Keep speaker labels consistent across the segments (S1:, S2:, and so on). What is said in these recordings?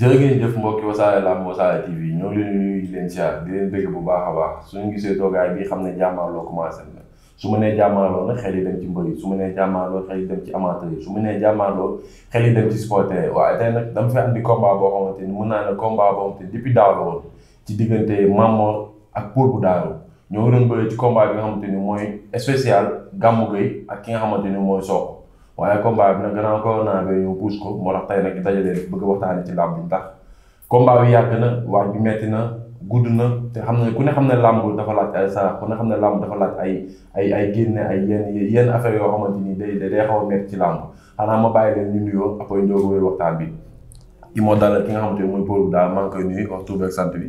S1: jërë ngeen jëf mbokki wasaare làmb wasaare TV ñoo leen nuyu leen siyaar di leen bëgg bu baax a baax su suñu gisee toogaay bi xam ne jàmmaarloo commencé na su ma nee jàmmaarloo nag xel yi dem ci mbër yi su ma nee jàmmaarloo xel yi dem ci amateur yi su ma nee jàmmaarloo xel yi dem ci supporter yi waaye tey nag dama fi andi combat boo xamante ni mën naa ne combat boo xamante ni depuis daaw ci diggante Mamor ak Paul bu Daaru ñoo ngi doon bëri ci combat bi nga xamante ni mooy spécial gàmmu Gueye ak ki nga xamante ni mooy Sokh waaye combat bi nag naa corona bi ñëw pousse ko moo tax tey nag ñu dajalee rek bëgg waxtaanee ci làmb ndax combat bi yàgg na bi metti na gudd na te xam ne ku ne xam ne làmb dafa laaj ay sarax ku xam ne làmb dafa laaj ay ay ay ay yenn affaire yoo a metti ci làmb xanaa ma bàyyi leen ñu bi. di moo dalal ki nga xam ne mooy Paul Bouda maa ngi koy nuyu wax tur ak sant bi.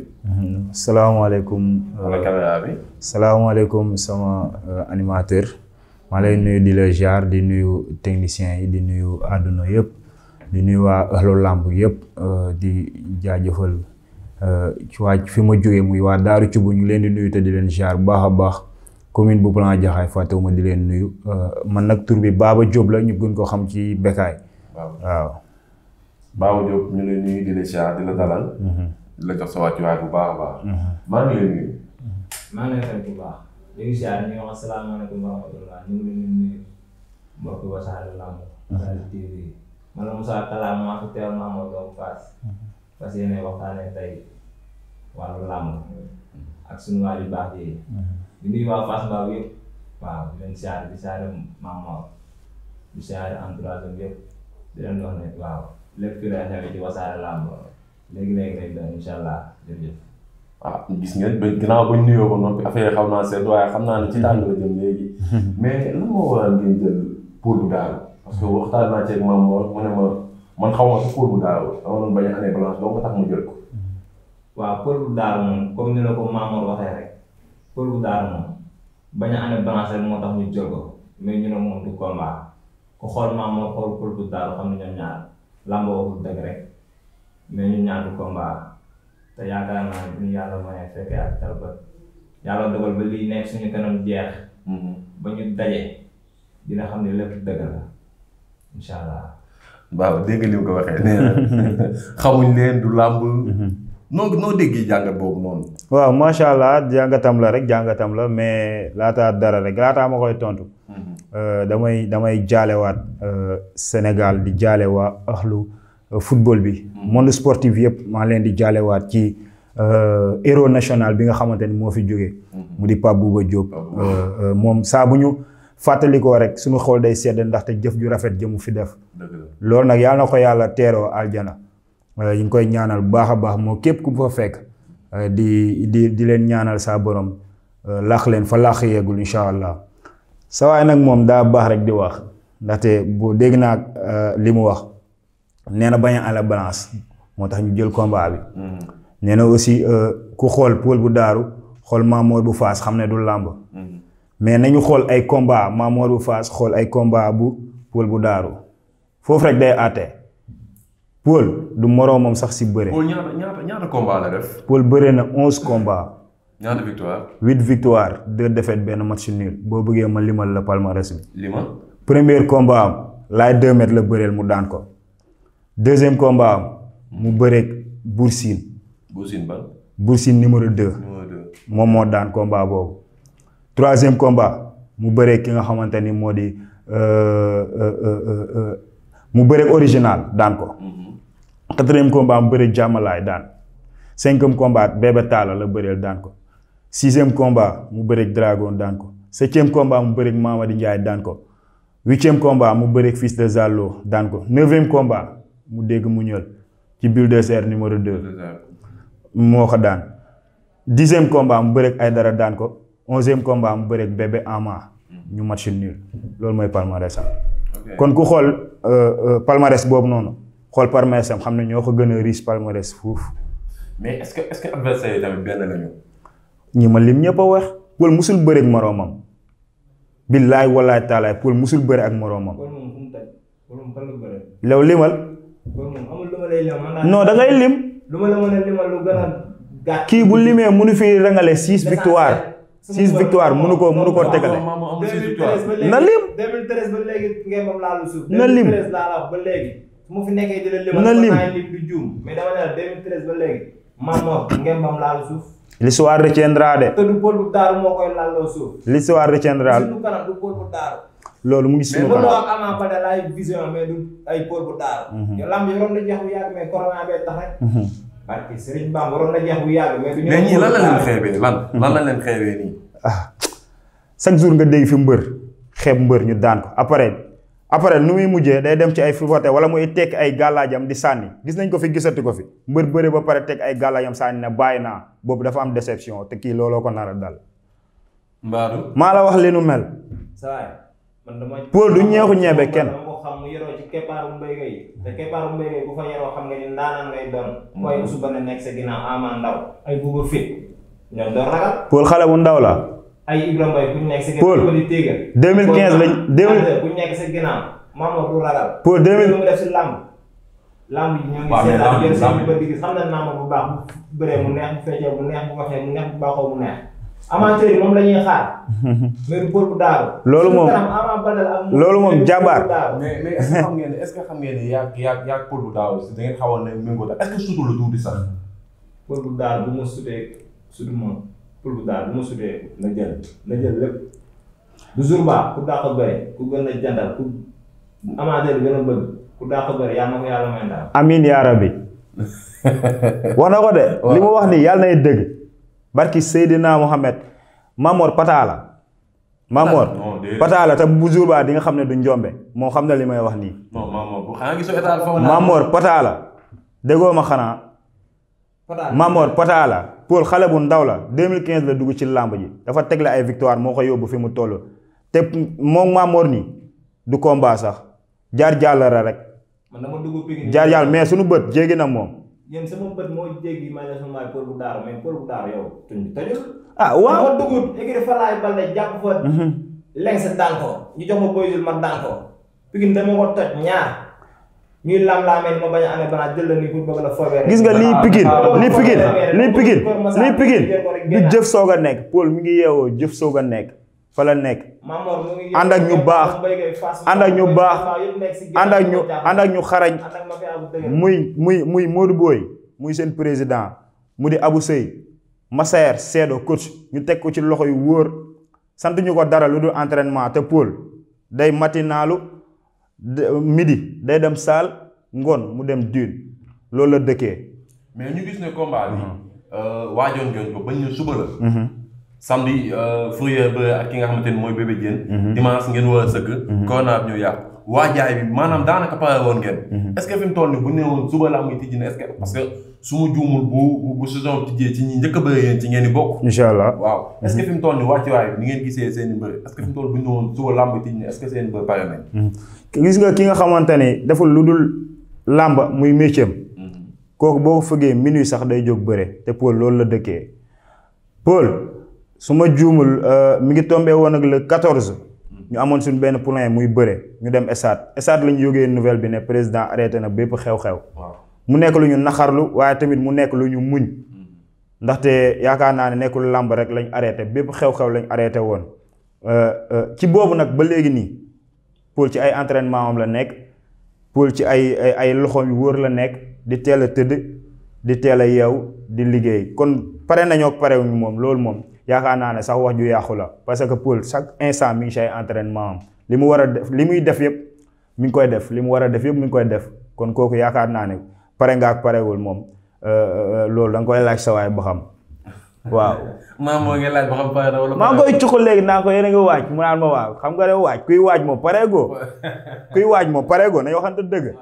S2: salaamaaleykum. wala caméra salaamaaleykum sama euh, animateur. maa lay hmm. nuyu di la jaar di nuyu techniciens yi di nuyu àdduna yëpp di nuyu waa ëllu làmb yëpp euh, di jaajëfal euh, ci waa fi ma jógee muy waa Daaru Cubu ñu leen di nuyu te di leen jaar bu baax a baax commune bu Plan Jaxaay fàttewuma di leen nuyu euh, man nag tur bi Baba jóob la ñu gën ko xam ci Bécaye waaw
S1: Baba Diop ñu leen nuyu di la jaar di la dalal mhm. di la jox sa wàccuwaay bu baax a baax mhm.
S3: mhm. baax léegi hmm. hmm. si waay ñu ngi wax asalaamaaleykum wa rahmatulah ñu ngi leen di nuyu mbokki Wassare Lamb Wassare TV man la Moussa Kalaam maa fi teew maa moo doon Fass parce que yéen waxtaanee tey wàllu làmb ak sunu waa yu baax yi di nuyu waa Fass Mbao yëpp waaw di leen siyaare di siyaare Mame Mor di siyaare entourage am yëpp ne waaw lépp fi lay xewee ci Wassare Lamb léegi-léegi
S1: waaw ah, gis ngeen ba ginnaaw ba nuyoo ba noppi affaire yi xam naa seet waaye xam naa ne ci tàng la jëm léegi. mais lan moo waral ngeen jël pour bu daaru. parce que waxtaan naa ceeg maam moom
S3: man xaw ma ko pour bu daaru dama doon bañ a année blanche donc tax mu jël ko. Hmm. waaw pour bu daaru moom comme ni la ko Mamour waxee rek pour bu daaru moom bañ a année blanche rek moo tax ñu jël ko mais ñu ne moom du combat ku xool Mamour xool pour bu daaru xam ne te yaakaar naa bu ñu yàlla mayee fekkee ak tal ba yàlla dogal ba lii nekk suñu kanam jeex. Mm-hmm. ba ñu daje dina xam ne lépp dëgg la incha
S2: waaw dégg li mu ko na
S1: xamuñ leen du làmb. Mm-hmm. noonu noo déggee jàngat boobu noonu.
S2: waaw macha jàngatam la rek jàngatam la mais laata dara rek laataa ma koy tontu. Mm-hmm. Euh, damay damay jaalewaat euh, Sénégal di jaale waa axlu football bi. Hmm. monde sportive yëpp maa leen di jaalewaat ci euh, héros national bi nga xamante ni moo fi jógee. Hmm. mu di Pape Bouba Diop. Euh, euh, moom saa bu ñu fàttalikoo rek suñu xool day sedd ndaxte jëf ju rafet jëmu fi def. loolu nag yàlla na ko yàlla teeroo aljana. yi ngi koy ñaanal bu baax a baax moo képp ku fa fekk. di di di leen ñaanal saa borom. laax leen fa laax yeegul incha allah. sa nag moom daa baax rek di wax. ndaxte bu dégg naa li mu wax. nee na bañ à la balance moo tax ñu jël combat bi. Mm-hmm. nee na aussi euh, ku xool Paul bu daaru xool Mamor bu Faas xam ne du làmb. Mm-hmm. mais nañu xool ay combat Mamor bu Faas xool ay combat bu Paul bu daaru foofu rek day àtte. Paul du moroomam sax si bëre. Paul
S1: ñaata
S2: bëre na onze combats. ñaata victoire. huit victoire benn match nul boo bëggee ma limal la palmarès bi. limal premier combat laay deux la bëreel mu daan ko. deuxième combat mu bëreeg Boursine. Boursine ban. Boursine numéro 2. moom moo daan combat boobu. troisième combat mu bëreeg ki nga xamante ni moo di euh, euh, euh, mu bëreeg original daan ko. Mm-hmm. quatrième combat mu bëreeg jàmmalaay daan. cinquième combat Bébé Talla la bëreel daan ko. sixième combat mu bëreeg Dragon daan ko. septième combat mu bëreeg Mamadi Ndiaye daan ko. huitième combat mu bëreeg Fils de Zallo daan ko neuvième combat. mu dégg mu ñël ci Bulldozer numéro 2. moo ko daan. dixième combat mu bëreeg Aïdara daan ko onzième combat mu bëreeg en Ama mm-hmm. ñu match nul loolu mooy palmarès am. kon ku xool euh, euh, palmarès boobu noonu xool palmarès am xam ne ñoo ko gën a riche palmarès fuuf.
S1: mais est
S2: ñi ma lim ñëpp a wax. Paul musul bëreeg moroomam. billaay walaay taalaay Paul musul bëre ak moroomam. loolu limal.
S3: non da lim. a limal lu
S2: kii bu limee mënu fi rangale six victoire. six victoire mënu ko mënu ko tegale. na
S3: lim. 2013 ba léegi ngeen moom na lim fi nekkee di la limal. lim du ba léegi. maam moom ngeen moom laalu de. te moo koy laaloo suuf.
S2: loolu mu ngi suñu ko mais
S3: Ama Baldé laay vision mais du ay pôle bu
S2: nga dégg fi mbër xeeb mbër ñu daan ko après après nu muy mujjee day dem ci ay voté wala mooy tekki ay gàllaajam di sànni gis nañ ko fi gisati ko fi mbër bëre ba pare tekki ay gàllaajam sànni na bàyyi naa boobu dafa am déception te kii looloo ko nar a dal. maa la wax li nu mel.
S3: Paul du ñeexu ñeebe kenn. xam nga yoroo ci keppaaru mbay kay te keppaaru mbay kay bu fa yoroo xam nga ni ndaanaan ngay doon. Mm. waaye su ba ne nekk sa ginnaaw ama ndaw ay buuba fit ñoom doon ragal.
S2: Paul xale bu ndaw la.
S3: ay Ibra Mbaye bu nekk sa ginnaaw. Paul 2015 lañ. bu nekk sa ginnaaw Mamadou ragal. Paul 2000 lu mu def ji ñoo ngi seetaan jël seen ba digg xam na làmb bu baax bu bëree mu neex bu feccee mu neex bu waxee mu neex bu baaxoo mu neex. amateur yi moom la ñuy xaar. mais góor bu daaru. loolu moom loolu moom jàmbaar. mais mais est-ce que xam ngeen est-ce
S1: que pour bu daaru da ngeen xawoon ne méngoo est-ce que sutu la tuuti sax. bu daaru
S3: bu ma sutu ma na jël na jël lépp. du jour ba ku dàq bëre gën a jàndal ku amateur gën a bëgg ku dàq bëre yàlla na ko yàlla may ndax.
S2: amiin yaa rabbi wax na ko de. li mu wax nii yàlla na dëgg. barki Seydina Mohamed Mamor Pataala. Mamor te bu jour baa di nga xam ne du njombe moo xam na li may wax nii.
S1: non la. Mamor
S2: Pataala déggoo ma xanaa. Pataala Mamor Pataala. Paul xale bu ndaw la 2015 la dugg ci làmb ji dafa tegle ay victoire moo ko yóbbu fi mu toll te moom Mamor nii du combat sax jaar jàll la rek.
S3: man jaar
S2: jàll mais sunu bët jéggi na moom.
S3: yéen sama bët moo jéggi management Paul bu Daaru mais Paul bu Daaru yow tuñ tajul ah waaw ma dugg écrit fa mhm. ñu jox ma boyul ma daan ko Pikine dama ko a lii Pikine ah, lii Pikine ah, lii Pikine lii Pikine du jëf
S2: soog a nekk Paul mu ngi yeewoo jëf soog a nekk fa la nekk
S3: ànd ak ñu baax ànd ñu baax ànd ñu xarañ muy
S2: muy muy Modou Boye muy seen président mu di abu Seye Massaer Seedo coach ñu teg ko ci loxo yu wóor sant ñu ko dara lu dul entrainement te Paul day matinalu midi day dem salle ngoon mu dem dune loolu la dëkkee.
S1: mais ñu gis ko mhm. euh, bañ ne suba la. Mhm. samedi euh, Fourier ba ak ki nga xamante ni mooy Bébé Diène. Mhm. dimanche ngeen war a sëgg. Mhm. naa bi ñu yàqu. waajaay bi maanaam daanaka pare woon ngeen. Mhm. est-ce que fi parce que su ma juumul bu bu saison ci ñi njëkk ci ngeen di bokk. incha allah waaw est-ce que fi mu toll seen i mbër est-ce que fi mu
S2: pare nañ. gis nga ki nga xamante ni deful lu dul làmb muy métier kooku boo ko fëggee minuit sax day jóg bëre te Paul loolu la dëkkee Paul su ma juumul euh, mi ngi tombe woon ak le 14 ñu amoon suñu benn point muy bëre ñu dem Esat Esat la ñu yógee nouvelle bi ne président arrêté na bépp xew-xew. waaw mu nekk lu ñu naxarlu waaye tamit mu nekk lu ñu muñ. ndaxte yaakaar naa ne nekkul làmb rek lañ arrêté bépp xew-xew lañu arrêté woon euh, euh, ci boobu nag ba léegi nii Paul ci ay entraînement am la nekk Paul ci ay ay loxoom yu wóor la nekk di teel a tëdd di teel a yeew di liggéey kon pare nañoo parewuñu moom loolu moom yaakaar naa ne sax wax ju yàqu la parce que pour chaque instant mi ngi say entraînement am li mu war a def li muy def yëpp mi ngi koy def li mu war a def yëpp mi ngi koy def kon kooku yaakaar naa ne pare nga ak parewul moom euh, euh, loolu da koy laaj sa waay ba xam waaw.
S1: maam moo ngi laaj ba xam pare na wala. maa ngi koy
S2: cuqal léegi a ngi waaj mu naan ma waaw xam nga ne waaj kuy waaj moom pareegoo kuy waaj moom pareegoo nañu waxante dëgg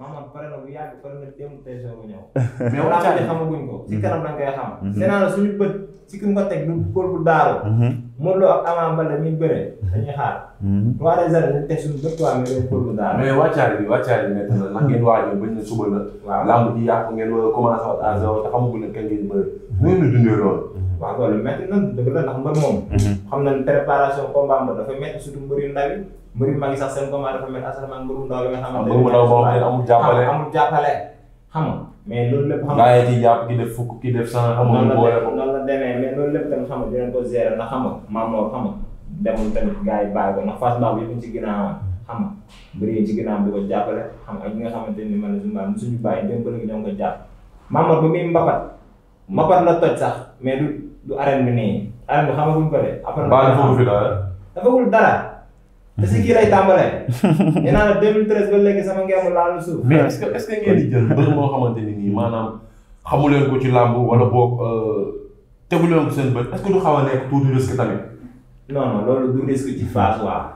S3: maanaam pare na bu yàgg pare na dem tey soo ko ñëw. mais waxtaan bi xamaguñ ko. ci kanam lañ koy xam. nee naa la suñu bët ci ki nga teg du góor bu daaru. Modou Lo ak Ama Baldé mi bëre dañuy xaar. trois des années dañ teg suñu bët waa mais dañ góor bu daaru. mais wàccaari bi
S1: wàccaari bi métti na ndax ngeen waajal bañ ne suba la. waaw làmb ji yàqu ngeen commencé à zéro te xamaguñ ne kañ ngeen
S3: bëre. nu ngeen di dundee loolu. waaw loolu métti na dëgg la ndax mbër moom mhm. xam nañ préparation combat mbër dafa métti surtout mbër yu ndaw yi mbër yu mag yi sax seen combat dafa métti asamaan mbër bu ndaw yi nga xamante ne amul jàppale amul jàppale xam nga mais loolu lu xam nga gaa yi ci jàpp ki def fukk ki def sax amul ko noonu la demee mais loolu lépp tamit xam nga dinañ ko gérer ndax xam nga a xam nga demul tamit gaa yi bàyyi ko ndax a baax bi yëpp ci ginnaawam xam nga mbër yi ci ginnaawam di ko jàppale xam nga ak ñi nga xamante ni man la suñu toj sax mais du arène bi nii arène bi xamaguñ ko de. après baal foofu fi dara. dafagul dara. te si kii lay tàmbalee. nee naa la 2013 ba léegi sama ngeen laalu suuf. mais est-ce
S1: moo xamante ni nii maanaam xamu leen ko ci làmb wala
S3: boo euh, tegu leen ko seen bët est-ce du xaw a nekk tuuti risque tamit. non non loolu du risque ci Fass waaw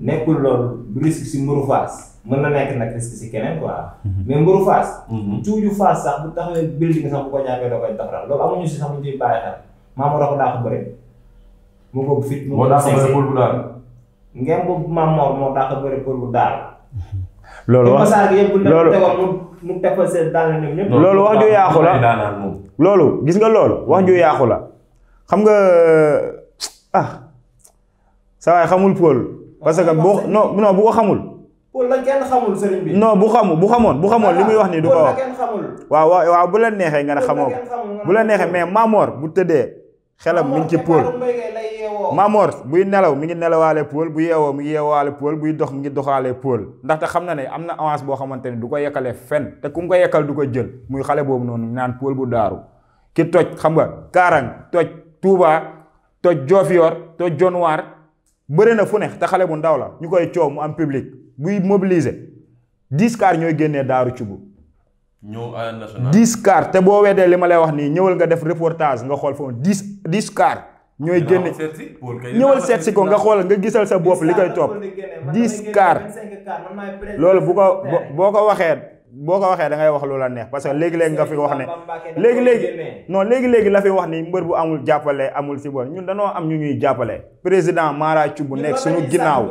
S3: nekkul loolu du risque si mburu Fass mën na nekk nag risque si keneen quoi. Mhm. mais mburu Fass. tuuju mhm. Fass sax bu taxawee building sax bu ko jàppee Maam Mor ko daax bëre mu loolu wax ju yaaxu la
S2: loolu gis nga lool wax ju yaaxu la xam nga ah sa waay xamul Paul parce que boo bu ko xamul Paul bu xamu bu xamoon bu xamoon li muy wax nii du ko wax waaw waaw waaw bu la neexee nga ne xamoo bu la neexee mais Mamor bu tëddee xelam mi ngi ci pôle Mamor buy nelaw mi ngi nelawaale pôle bu yeewoo mi ngi yeewaale pôle buy dox mi ngi doxaale pôle ndaxte xam na ne am na avance boo xamante ne du ko yekkale fen te ku mu ko yekkal du ko jël muy xale boobu noonu naan pôle bu daaru ki toj xam nga Kaarang toj Touba toj Jofiyor toj Jonwaar bëri na fu ne te xale bu ndaw la ñu koy coow mu am public buy mobiliser dix cars ñooy génnee daaru cubu
S1: ñëw arène nationale
S2: car te boo weddee li ma lay wax nii ñëwal nga def reportage nga xool foofu dix dix car. ñooy génne
S1: ñëwal seet si ko nga xool
S2: nga gisal sa bopp li koy topp
S3: dix car. loolu bu ko
S2: boo ko waxee boo ko waxee da wax lu la neex parce que léegi-léegi nga fi wax ne léegi-léegi non léegi-léegi la fi wax ni mbër bu amul jàppale amul si bopp ñun danoo am ñu ñuy jàppale président Mara bu nekk suñu ginnaaw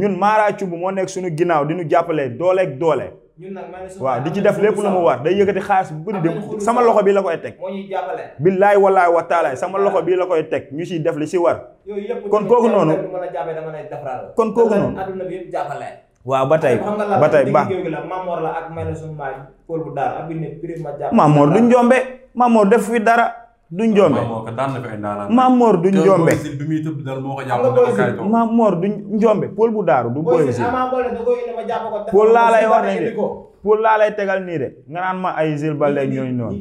S2: ñun Mara bu moo nekk suñu ginnaaw di ñu jàppale dooleeg doole
S3: waaw di ci def lépp lu mu
S2: war day yëkkati xaalis bu bëri dem sama loxo bi la koy teg billaay wallaay wa taalaay sama loxo bi la koy teg ñu siy def li si war
S3: kon kooku noonu kon kooku noonu
S2: waaw ba tey ba tey ba Mamor duñ jombe Mamor def fi dara du njombe maam Mor du njombe Mor du njombe Paul bu daaru du Boysil
S3: Paul laa lay wax ne de
S2: Paul laa lay tegal nii de nga naan ma ay Zil Balde ñooñu noonu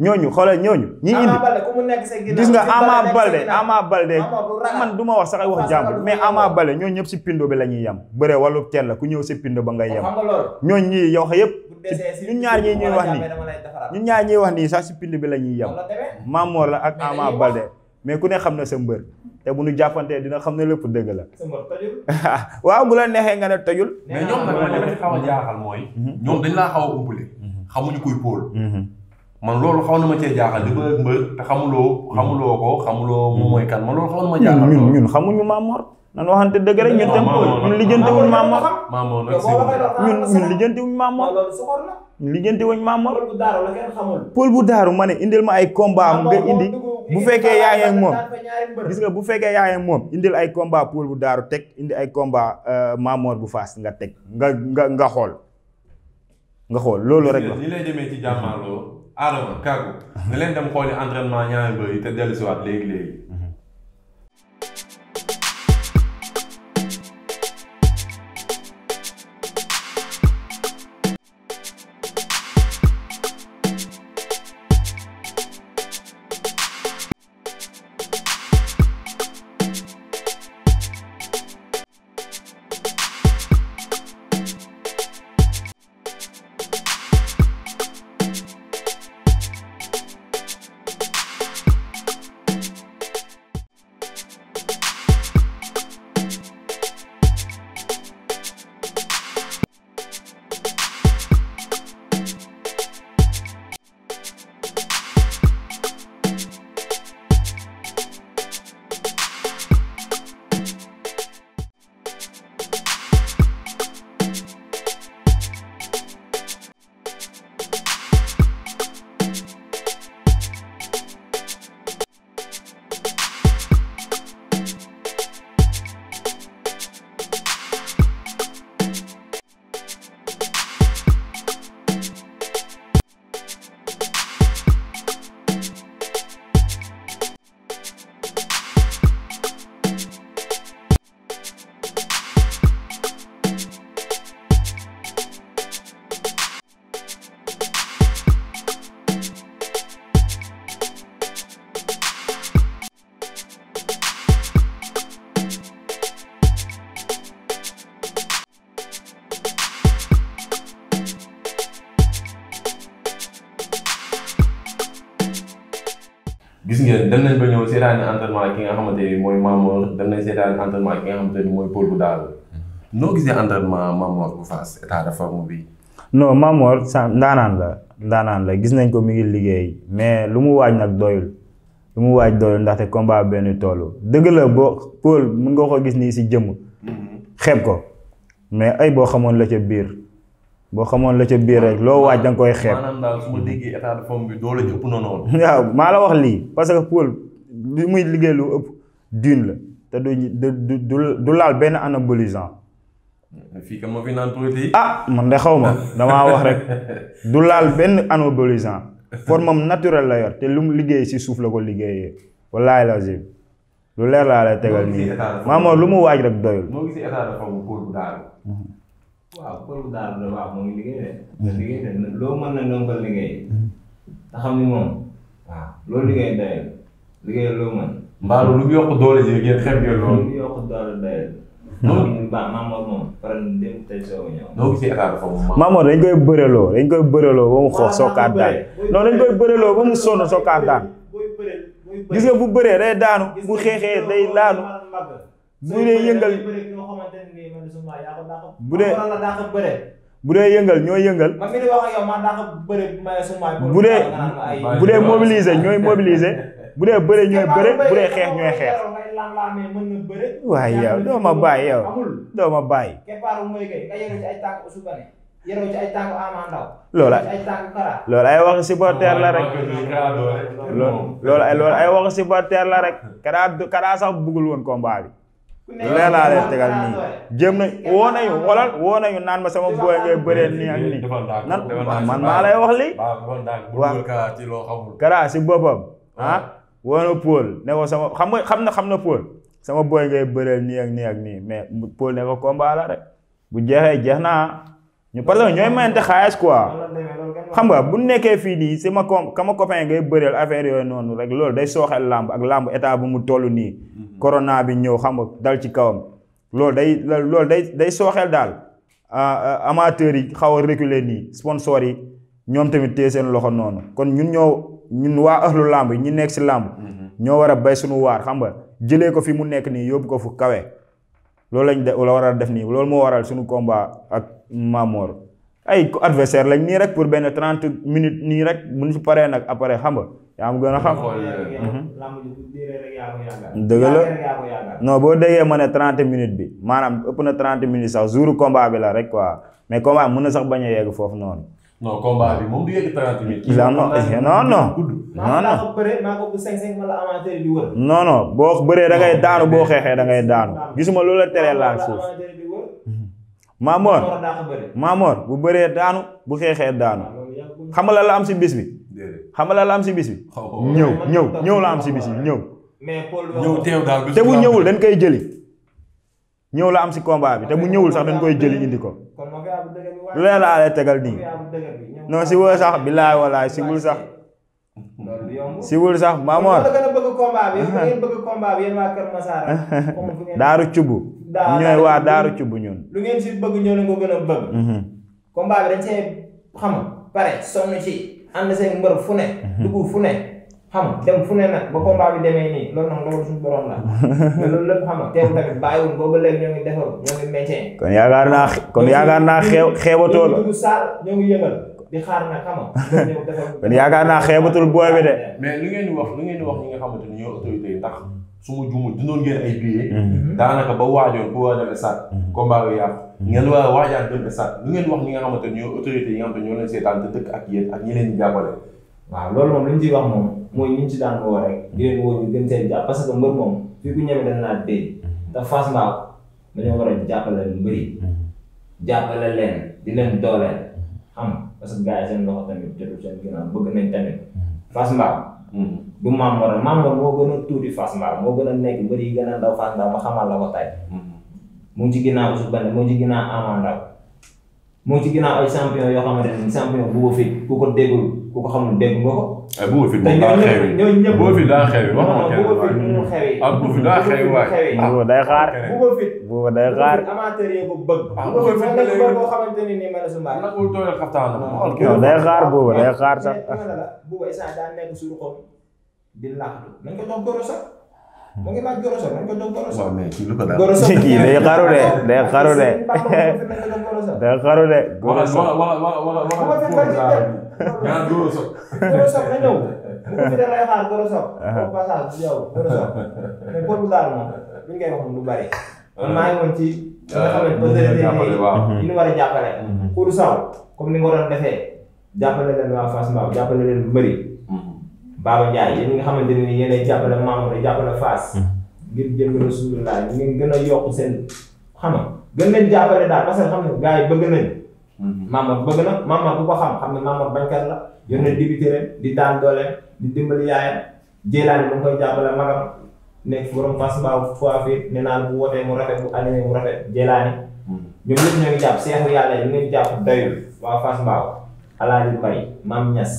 S2: ñooñu xoolal ñooñu ñi
S3: indi gis nga Ama Balde
S2: Ama Balde man du ma wax sax ay wax jàmbur mais Ama Balde ñooñu ñëpp si pindo bi la ñuy yem bëre wàllu teel la ku ñëw si pindo ba ngay yem ñooñu ñii yow xa yëpp ñun ñaar ñii ñuy wax nii ñun ñaar ñuy wax nii sax si pind bi la ñuy yem Mamor la ak Ama Balde mais ku ne xam na sa mbër te bu nu jàppantee dina xam ne lépp dëgg la. waaw bu la neexee nga ne tojul. mais ñoom a jaaxal mooy. Mhm. ñoom dañ laa xaw a umpale. Mhm. xamuñu kuy pool. Mhm.
S1: man loolu xaw na ma cee jaaxal di bëgg mbër te xamuloo xamuloo ko xamuloo moom mooy kan man loolu xaw na ma ñun ñun
S2: xamuñu Mame Mor nan waxante dëgg rek ñun tam ñun lijjantiwuñ ñun ñun lijjantiwuñ Mame ñun lijjantiwuñ Mame Mor Paul bu daaru ma ne indil ma ay combat nga indi bu fekkee yaay ak moom gis bu fekkee yaay ak moom indil ay combat Paul bu daaru teg indi ay combat euh, Mame Mor bu faas nga teg nga nga nga xool nga xool loolu rek la.
S1: Adama Kaagu. ne leen dem xooli entraînement ñaari mbër yi te dellusiwaat léegi léegi. dem nañ ba ñëw seetaani entraînement ki nga xamante mooy Mamor dem nañ seetaani entraînement ki nga xamante mooy Paul bu daal noo gisee entraînement Mamor bu Fass état de forme bi.
S2: non Mamor sa ndaanaan la ndaanaan la gis nañ ko mu ngi liggéey mais lu mu waaj nag doyul lu mu waaj doyul ndaxte combat benn toolu dëgg la boo Paul mun nga ko gis nii si jëmm. Mm-hmm. xeeb ko mais ay boo xamoon la ca biir. boo xamoon la ca biir rek loo waaj da nga koy xeeb. waaw maa la wax lii parce que Paul li muy liggéey lu ëpp diin la te du du du laal benn anabolisant.
S1: fii ma ah
S2: man de xaw ma damaa wax rek du laal benn anabolisant formam naturel la yor te lu mu liggéey si suuf la ko liggéeyee wallaahi lazim lu leer laa lay tegal nii. maamoo lu mu waaj rek doyul.
S3: waaw Paul daal la waaw mu ngi liggéey de. Mm. liggéey na nga ko liggéey. nga mm. xam ni moom. waaw loolu liggéey dayal liggéey loo mën. yokk doole ji ngeen xeeb ngeen loolu. lu yokk doole dayal. moom ba Mamadou moom. faral di dem tey soo ñëw. doo bi foofu.
S2: Mamadou dañ koy bëreloo mu xoox soo kaa daan. non dañ koy bëreloo mu sonn soo kaa daan. gis bu bëree day daanu bu xeexee day laanu. bu dee yëngal
S3: bu dee
S2: bu dee yëngal ñoo yëngal. bu dee bu dee mobiliser ñooy mobiliser bu dee bëre ñooy bëre bu dee xeex ñooy xeex.
S3: waaye yow doo ma bàyyi yow baay ma loolu ay
S2: loolu ay waxi supporter la rek loolu ay loolu ay waxi supporter la rek. kadaa kadaa sax bëggul woon combat bi. leer laa leen tegal nii jëm nañ woo nañu xoolal woo nañu naan ma sama booy ngay bëree nii ak nii nan man maa lay wax lii waaw Kara si boppam ah woo na ne ko sama xam na xam na Paul sama booy ngay bëree nii ak nii ak nii mais Paul ne ko combat rek bu jeexee jeex naa ñu parce que ñooy mayante xaalis quoi xam nga bu nekkee fii nii ma ko sama copain ngay bëreel affaire yooyu noonu rek loolu day sooxel làmb ak làmb état bu mu toll nii mm-hmm. corona bi ñëw xam nga dal ci kawam loolu day loolu day day sooxeel daal ah, ah, amateurs yi xaw a reculer nii sponsors yi ñoom tamit téye seen loxo noonu kon ñun ñoo ñun waa axlu làmb yi ñu nekk si làmb mm-hmm. ñoo war a bay suñu waar xam nga jëlee ko fi mu nekk nii yóbbu ko fu kawe loolu lañ de la war a def nii loolu moo waral suñu combat ak Mamor ay adversaire lañ nii rek pour benn trente minutes nii rek bu ñu paree nag après xam yaa mu gën a xam. Mhm.
S3: dëgg la non
S2: boo déggee ma ne trente minutes bi maanaam ëpp na trente minutes sax jour combat bi la rek quoi mais combat mën na sax bañ a yegg foofu noonu.
S1: non combat bi moom
S2: boo bëree da ngay daanu boo xeexee da ngay daanu gisuma loola teree laa suuf. Mamor Mamor bu bëree daanu bu xeexee daanu xam nga la am si bis bi. xam nga la am si bis bi. Oh. ñëw ñëw ñëw la am si bis bi ñëw. ñëw teew daal te bu ñëwul dañ koy jëli. ñëw la am si combat bi te bu ñëwul sax dañ koy jëli indi ko. lu leen laa tegal nii. non si wul sax bilaay walaay si wul sax. si wul sax Mamor. daaru cubb. ñooy waa daaru cubb ñun.
S3: lu ngeen si bëgg ñoo leen ko gën a bëgg. Mhm. combat bi dañ see xam pare sonn ci. ànd seen mbër fu ne. Mhm. dugub fu dem fu ne nag ba combat bi demee nii loolu nag loolu suñu borom la mais loolu lépp xam nga teewul tamit bàyyiwul boobu léegi ñoo ngi defar ñoo ngi métier.
S2: kon yaakaar naa kon yaakaar naa xew xeebatoo la dugg
S3: saal ñoo
S1: de. tax. su ma juumul dundoon ngeen ay billets. Mhm. Mhm. daanaka ba waajoon ku war a dem stade. Mhm. combat bi yàqu. ngeen war a waajaat dem
S3: stade lu ngeen wax ñi nga xamante ne ñooy autorités yi nga xamante ne ñoo leen seetaan te dëkk ak yéen ak ñi leen di jàppale. waaw loolu moom li ñu ciy wax moom mooy ñu ci daan woo rek. di leen woo ñu gën seen jàpp parce que mbër moom fii ku ñeme dañ naa dee. te Fass Mbao dañoo war a jàppale lu bëri. jàppale leen di leen dooleel. xam parce que gars yi seen loxo tamit jotul seen ginnaaw bëgg nañ tamit Fass du hmm. Mamor Mamor moo gën a tuuti Fass Mbar moo gën a nekk mbër yi gën a ndaw Fass Mbar ba xamal la ko hmm. mu ngi ci ginnaaw Ousseyn Bane mu ngi ci ginnaaw Amandal mu ngi ci ginnaaw ay champion yoo xamante ne champion bu ko fi ku ko déggul. ku ko xamul dégg nga ko.
S2: Eh, bu fi daa xewi bu fi daa xewi wax ah, nga kenn bu fi daa xewi waay. bu day xaar ah, bu day xaar.
S3: amateur yi ko bëgg. Ah, bu fi da nga ko
S1: xamante ni nii mel su mbaay. naka wutoo la xaftaan
S2: la. day xaar boobu day xaar sax.
S3: boobu instant daa nekk suñu xom di laqatu nañ ko doon goro sax. mu ngi laaj goro sax nañ ko doon goro sax. waaw mais kii lu ko daal goro sax kii day
S2: xaru de day xaru de. day xaru de.
S3: ah Goro Sock. Goro Sock na ñëw. bu fi da ngay xaar Goro Sock. au passage du li ngay wax lu bari. man maa ngi woon ci. nga xamante ne ñu a jàppale. Kourou Sow comme ni nga waroon defee jàppale leen waa Fass Mbao jàppale leen lu bëri. Baba Ndiaye yéen nga xamante ne nii yéenay jàppale Mamour di jàppale Fass. ngir jëm Rasulullah ñu gën a yokk seen xam nga gën leen jàppale daal parce que xam nga bëgg nañ Mm-hmm. Mamadou bëgg na Mamadou bu ko xam xam ne Mamadou bañkat la yor na débuté di daan dooleem di dimbali yaayam jéelaani mu ngi koy jàppale magam nekk borom fas mbaa foifi ne naan bu wootee mu rafet bu animé mu rafet jéelaani mm-hmm. ñoom ñëpp ñoo ngi jàpp seexu yàlla yi ñu ngi jàpp doyul waa fas mbaaw alaaji mbay maam ñas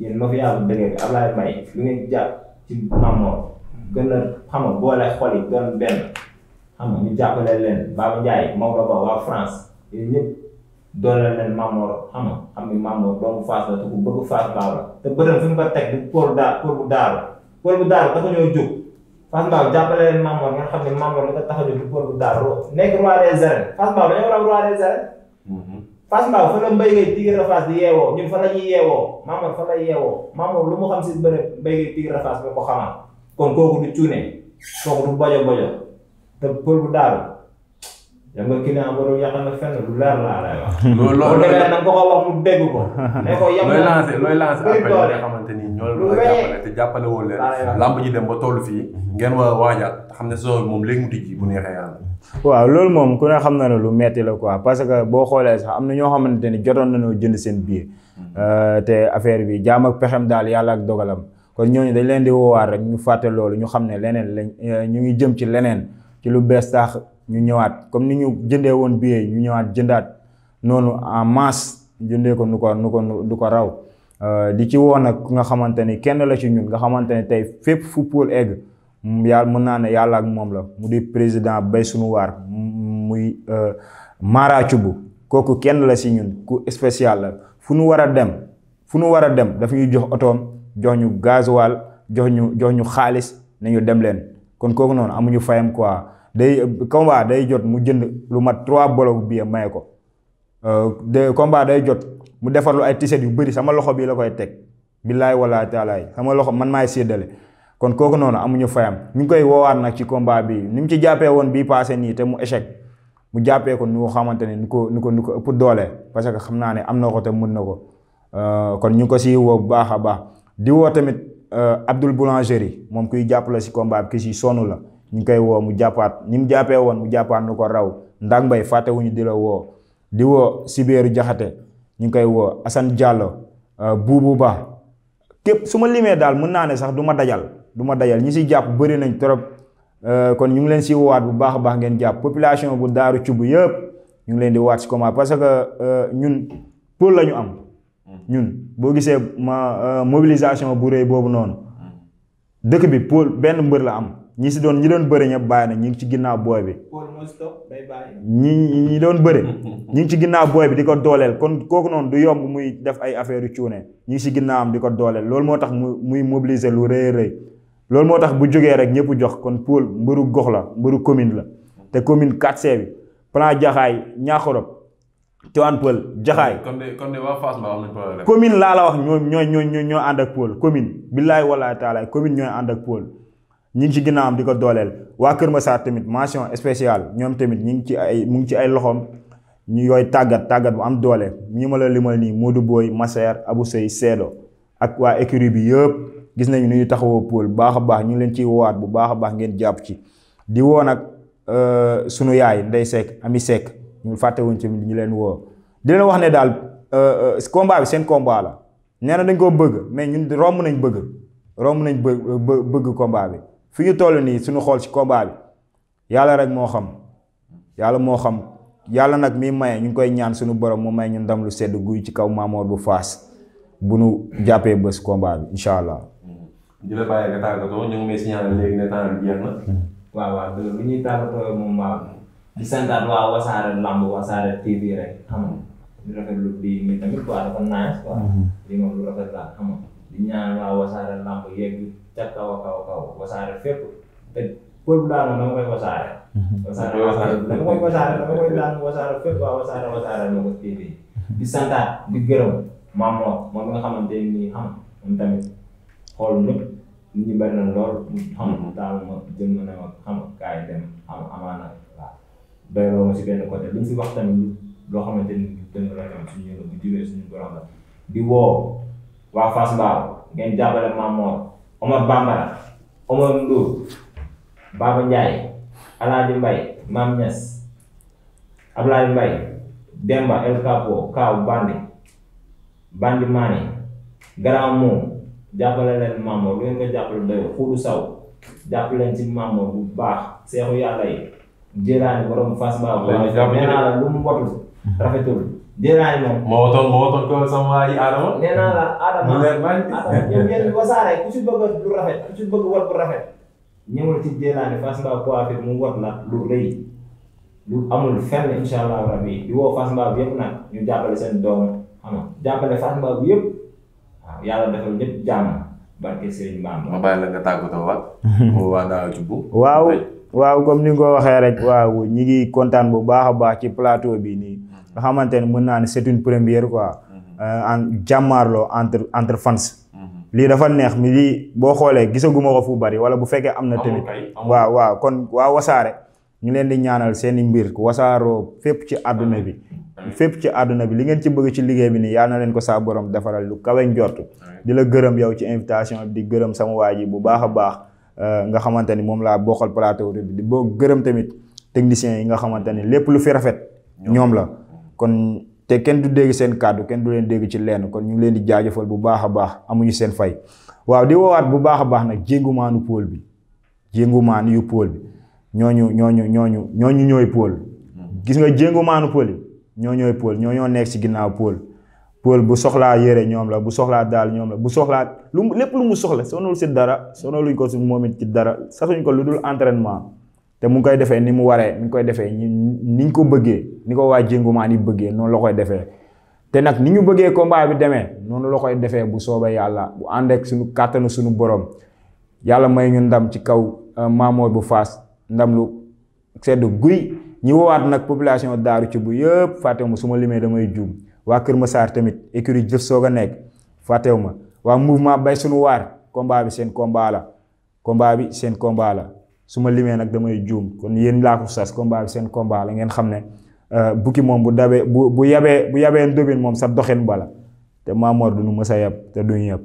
S3: yéen ma fi yàlla dëgër bi alaaji mbay lu ngeen jàpp ci Mamadou mm-hmm. gën a xam nga boole xol doon benn xam nga ñu jàppale leen Baba Ndiaye Maodo Ba waa dooleel leen Mamor xam nga xam ni Mamor doomu Faas la te ku bëgg Faas Mbaaw la te bërëm fi mu ko teg du pôle daa pôle bu daaru pôle bu daaru dafa Faas Mbaaw jàppale leen Mamor nga xam ne Mamor la ko tax a jóg du pôle bu daaru nekk roi des arènes Faas Mbaaw dañoo war a roi des arènes mhm. Fass Mbao fa la Mbaye Gueye Tigre Fass di yeewoo ñun fa la ñuy yeewoo Mamor fa la yeewoo Mamor lu mu xam si bëre Mbaye Gueye Tigre Fass ba ko xamal kon kooku du cuune kooku du bojo bojo te pôle bu dem nga client boobu yàq loolu ni
S2: ñoo la jàppale te
S1: jàppale dem ba tollu fii. ngeen war a waajal xam ne saison moom léegi mu
S2: loolu moom ku ne xam na ne lu metti la quoi parce que boo xoolee sax am na ñoo xamante ni jotoon nañoo jënd seen billet. te affaire bi jaam ak pexem daal yàlla ak dogalam kon ñooñu dañ leen di woowaat rek ñu fàtte loolu ñu xam ne leneen lañ ñu ngi jëm ci leneen ci lu bees tax ñu ñëwaat comme ni ñu jëndee woon billet ñu ñëwaat jëndaat noonu en masse jëndee ko nu ko nu ko du ko raw euh, di ci woon nag ku nga xamante ni kenn la si ñun nga xamante ni tey fépp fu Paul egg mm, yàlla mën naa ne yàlla ak moom la mu di président bay sunu waar mm, muy euh, Mara Thioub kooku kenn la si ñun ku spécial la fu nu war a dem fu nu war a dem daf jox otoom jox ñu gasoil jox ñu jox ñu xaalis nañu dem leen kon kooku noonu amuñu fayam quoi day combat day jot mu jënd lu mat trois bolo bi maye ko euh, de combat day jot mu defar lu ay tiset yu bëri sama loxo bii la koy teg billaay wala taalaay sama loxo man maay séddale kon kooku noonu amuñu fayam ñu ngi koy woowaat nag ci combat bi ni mu ci jàppee woon bii passé nii te mu échec mu jàppee ko nu ko xamante ne nu ko nu ko ko ëpp doole parce que xam naa ne am na ko te mën na ko euh, kon ñu ngi ko si woo bu baax a baax di woo tamit euh, Abdoul yi moom kuy jàppale si combat bi si sonn la ñu koy woo mu jàppaat ni mu jàppee woon mu jàppaat ko raw Ndak Mbay fàttewuñu di la woo di woo Sibéeru Jaxate ñu ngi koy woo Assane Diallo euh, Buubu baax képp su ma limee daal mën naa ne sax du ma dajal du ma dajal ñi si jàpp bari nañ trop euh, kon ñu ngi leen si woowaat bu baax a baax ngeen jàpp population bu daaru cub yëpp ñu ngi leen di waat si comment parce que euh, ñun pour la ñu am ñun boo gisee ma mobilisation bu rëy boobu noonu hmm. dëkk bi pour benn mbër la am ñi si doon ñi doon bëri ñëpp bàyyi na ñu ngi ci ginnaaw booy bi. ñi ñi doon bëri. ñu ngi ci ginnaaw booy bi di ko dooleel kon kooku noonu du yomb muy def ay affaire yu cuune ñu ci si am di ko dooleel loolu moo tax mu muy mobiliser lu rëy rëy loolu moo tax bu jógee rek ñépp jox kon Paul mbëru gox la mbëru commune la te commune 4C bi plan Jaxaay Ñaaxorop Tivaouane Peulh Jaxaay.
S1: kon commune laa la
S2: wax ñoo ñoo ñoo ñoo ànd ak Paul commune billaay walaay taalaay commune ñooy ànd ñi ngi ci am di ko dooleel waa Kër ma Massar tamit mention spéciale ñoom tamit ñu ngi ci ay mu ngi ci ay loxoom ñu yooy tàggat tàggat bu am doole ñi ma la limal nii du booy Massaer abu Sey Seedo ak waa écurie bi yëpp gis nañu ni ñu taxawoo pool baax a baax ñu ngi leen ciy wowaat bu baax a baax ngeen jàpp ci di woo nag euh, sunu yaay Ndey Seck Ami Seck ñu fàttewuñ ci ñu leen woo di leen wax ne daal euh, euh, combat bi seen combat la nee na dañ koo bëgg mais ñun romb nañ bëgg romb nañ bë bëgg combat bi fi ñu toll nii suñu xool ci combat bi yàlla rek moo xam yàlla moo xam yàlla nag mi maye ñu ngi koy ñaan suñu borom mu may ñu ndam lu sedd guy ci kaw Mamor bu Faas bu nu jàppee bés combat bi incha allah. Hmm.
S3: waaw wasaare lamb wasaare TV rek xam nga lu bii nii tamit quoi dafa nice quoi. Hmm. lii moom lu rafet la xam di ñaan waa wasaare làmb yegg ca kaw a kaw a kaw wasaare fépp te pël bu daanu dama koy wasaare. Mhm. wasaare wasaare dama koy wasaare dama koy daan wasaare fépp waa wasaare wasaare Logo TV di santaat di gërëm Mamor moom mi nga xamante ni xam moom tamit xool lépp nit ñi bari na lool xam nga taamu ma jël ma ne ma xam kaay dem am amaana waaw doyloo ma si benn côté luñ si wax tamit loo xamante ni dëgg la tamit suñu yëngu bu jiwee suñu borom la di woo. waa fas Mbao ngeen jàppale Mame Mor Omar Bambara Omar Ndour Baba Ndiaye Alaaji Mbaye Mame Niass Ablaye Mbaye Demba El Capo Kaaw Bandi Bandi Mané Grand Mou jàppale leen Mame Mor lu ngeen ko jàppale doyoo Fuudu Saw jàppale ci Mame Mor bu baax seexu yàlla yi jëlaani borom Fass Mbao nee naa la lu mu mbotul mm-hmm. rafetul déedéet moom. moo waroon moo waroon ko sama waa ji Adama. nee la Adama mu leer bañ. ñoom ku ci bëgg lu rafet ku ci bëgg bu rafet. ñëwal ci Jeylaani Fass Mbaye coiffure mu war la lu rëy lu amul fenn incha allah rabi di woo Fass Mbaye bi yëpp nag ñu jàppale seen doom xam jàppale Fass Mbaye bi yëpp waaw yàlla defal ñëpp jàmm barke Serigne Bamba. ma bàyyi la nga tàggatoo waat. mu
S2: waaw waaw comme ni ko waxee rek. waaw ñi ngi kontaan bu baax a baax ci plateau bi nii. nga xamante ne mën naa ne c'est une première quoi. Euh, en jàmmaarloo entre entre fans. lii dafa neex mi lii boo xoolee gisaguma ko fu bari wala bu fekkee am na tamit. waaw waaw kon waa wasaare. ñu leen di ñaanal seen i mbir wasaaroo fépp ci àdduna bi. fépp ci àdduna bi li ngeen ci bëgg ci liggéey bi nii yal na leen ko saa borom defaral lu kawe njort. di la gërëm yow ci invitation di gërëm sama waa ji bu baax a baax. Euh, nga xamante ni moom laa bokkal plateau bi di boo gërëm tamit techniciens yi nga xamante ni lépp lu fi rafet. ñoom la. kon te kenn du dégg seen kàddu kenn du leen dégg ci lenn kon ñu ngi leen di jaajëfal bu baax baax amuñu seen fay waaw di woowaat bu baax a baax nag jéngumaanu pool bi jéngumaan yu pool bi ñooñu ñooñu ñooñu ñooñu ñooy pool gis nga jéngumaanu pool yi ñoo ñooy pool ñoo ñoo nekk si ginnaaw pool pool bu soxlaa yére ñoom la bu soxlaa daal ñoom la bu soxlaa lu lépp lu mu soxla sonul si dara sonoluñ ko su moom it ci dara saxuñ ko lu dul entrainement te mu ngi koy defee ni mu waree mi ngi koy defee ni ñu ko bëggee ni ko waa jéngumaan ni bëggee noonu la koy defee te nag ni ñu bëggee combat bi demee noonu la koy defee bu soobee yàlla bu ànd ak suñu kàttanu suñu borom yàlla may ndam ci kaw euh, Mamor bu fas ndam lu sedd guy ñi woowaat nag population daaru ci bu yëpp fàttewu ma su ma limee damay juum waa Kër ma saar tamit écurie jëf soog a nekk fàttewu ma waa mouvement bay suñu waar combat bi seen combat la combat bi seen combat la su ma limee nag damay juum kon yéen laa ko sas combat seen combat la ngeen xam ne euh, bukki moom bu dabee bu bu yabee bu yabee ndóbin moom sa doxin bala te Mamor du nu mës a yab te duñu yab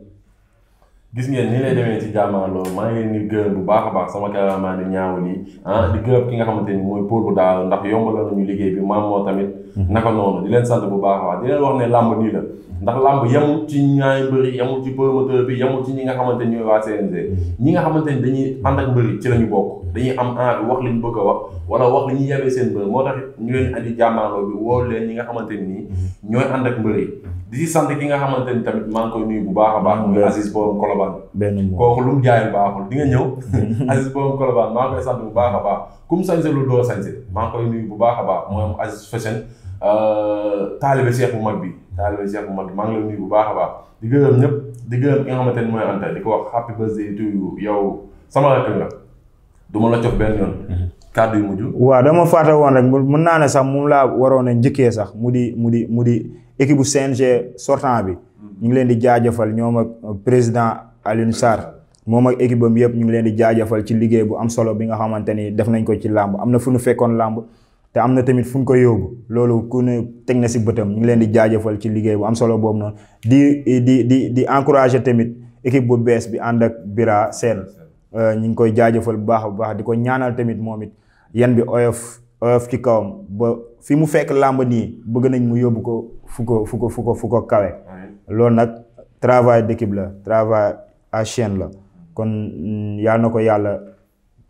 S1: gis ngeen ni lay demee ci jàmmaarloo maa ngi leen di bu baax baax sama karamaa di ñaawal yi ah di ki nga xamante ni mooy Paul bu daal ndax yombalal nañu liggéey bi maam moo tamit mm-hmm. naka noonu di leen sant bu baax a baax di leen wax ne làmb nii la ndax làmb yemul ci ñaari mbëri yemul ci promoteur bi yemul ci ñi nga xamante ni ñooy waa CNG mm-hmm. ñi nga xamante ni dañuy ànd ak mbëri ci la ñu bokk dañuy am envie wax liñ bëgg a wax wala wax li ñuy yabee seen mbër moo tax ñu leen andi jàmmaarloo bi woo leen ñi nga xamante ni ñooy ànd ak mbër yi di si sant ki nga xamante ni tamit maa ngi koy nuyu bu baax a baax muy Aziz borom Colobane
S2: lu
S1: mu jaayul baaxul di nga ñëw Aziz borom Colobane maa ngi bu baax a baax lu doo sañse maa ngi bu baax a baax mooy am Aziz Fashion euh, taalibe Cheikh bu mag bi taalibe Cheikh bu mag bi maa ngi la nuyu bu baax a baax di gërëm ñëpp di gërëm ki nga xamante ni mooy Anta di ko wax happy birthday to you yow sama rakk nga du ma la cof benn yoon. Mhm. kàddu yu mujj. waaw
S2: dama fàtte woon rek mën naa ne sax moom laa waroon a njëkkee sax mu di mu di mu di équipe bu CNG sortant bi. Mhm. ñu ngi leen di jaajëfal ñoom ak euh, président Alioune Sarr. moom ak équipe am yëpp ñu ngi leen di jaajëfal ci liggéey bu am solo bi nga xamante ni def nañ ko ci làmb am na fu ñu fekkoon làmb te am na tamit fu ñu ko yóbbu loolu ku ne teg bëtam ñu ngi leen di jaajëfal ci liggéey bu am solo boobu noonu di di di di encourager tamit équipe bu bees bi ànd ak Bira Sène Euh, ñu ngi koy jaajëfal bu baax a baax di ko ñaanal tamit moom it yan bi oyof oyof ci kawam ba fi mu fekk làmb nii bëgg nañ mu yóbbu ko fu ko fu ko fu ko fu kawe loolu nag travail d'équipe la travail à la kon mm, yal na ko yàlla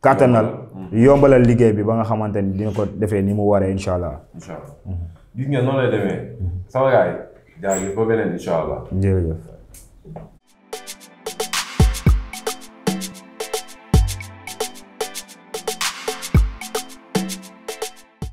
S2: kàttanal yombalal liggéey bi ba nga xamante ni dina ko defee ni mu waree incha allah.
S1: incha allah
S2: gis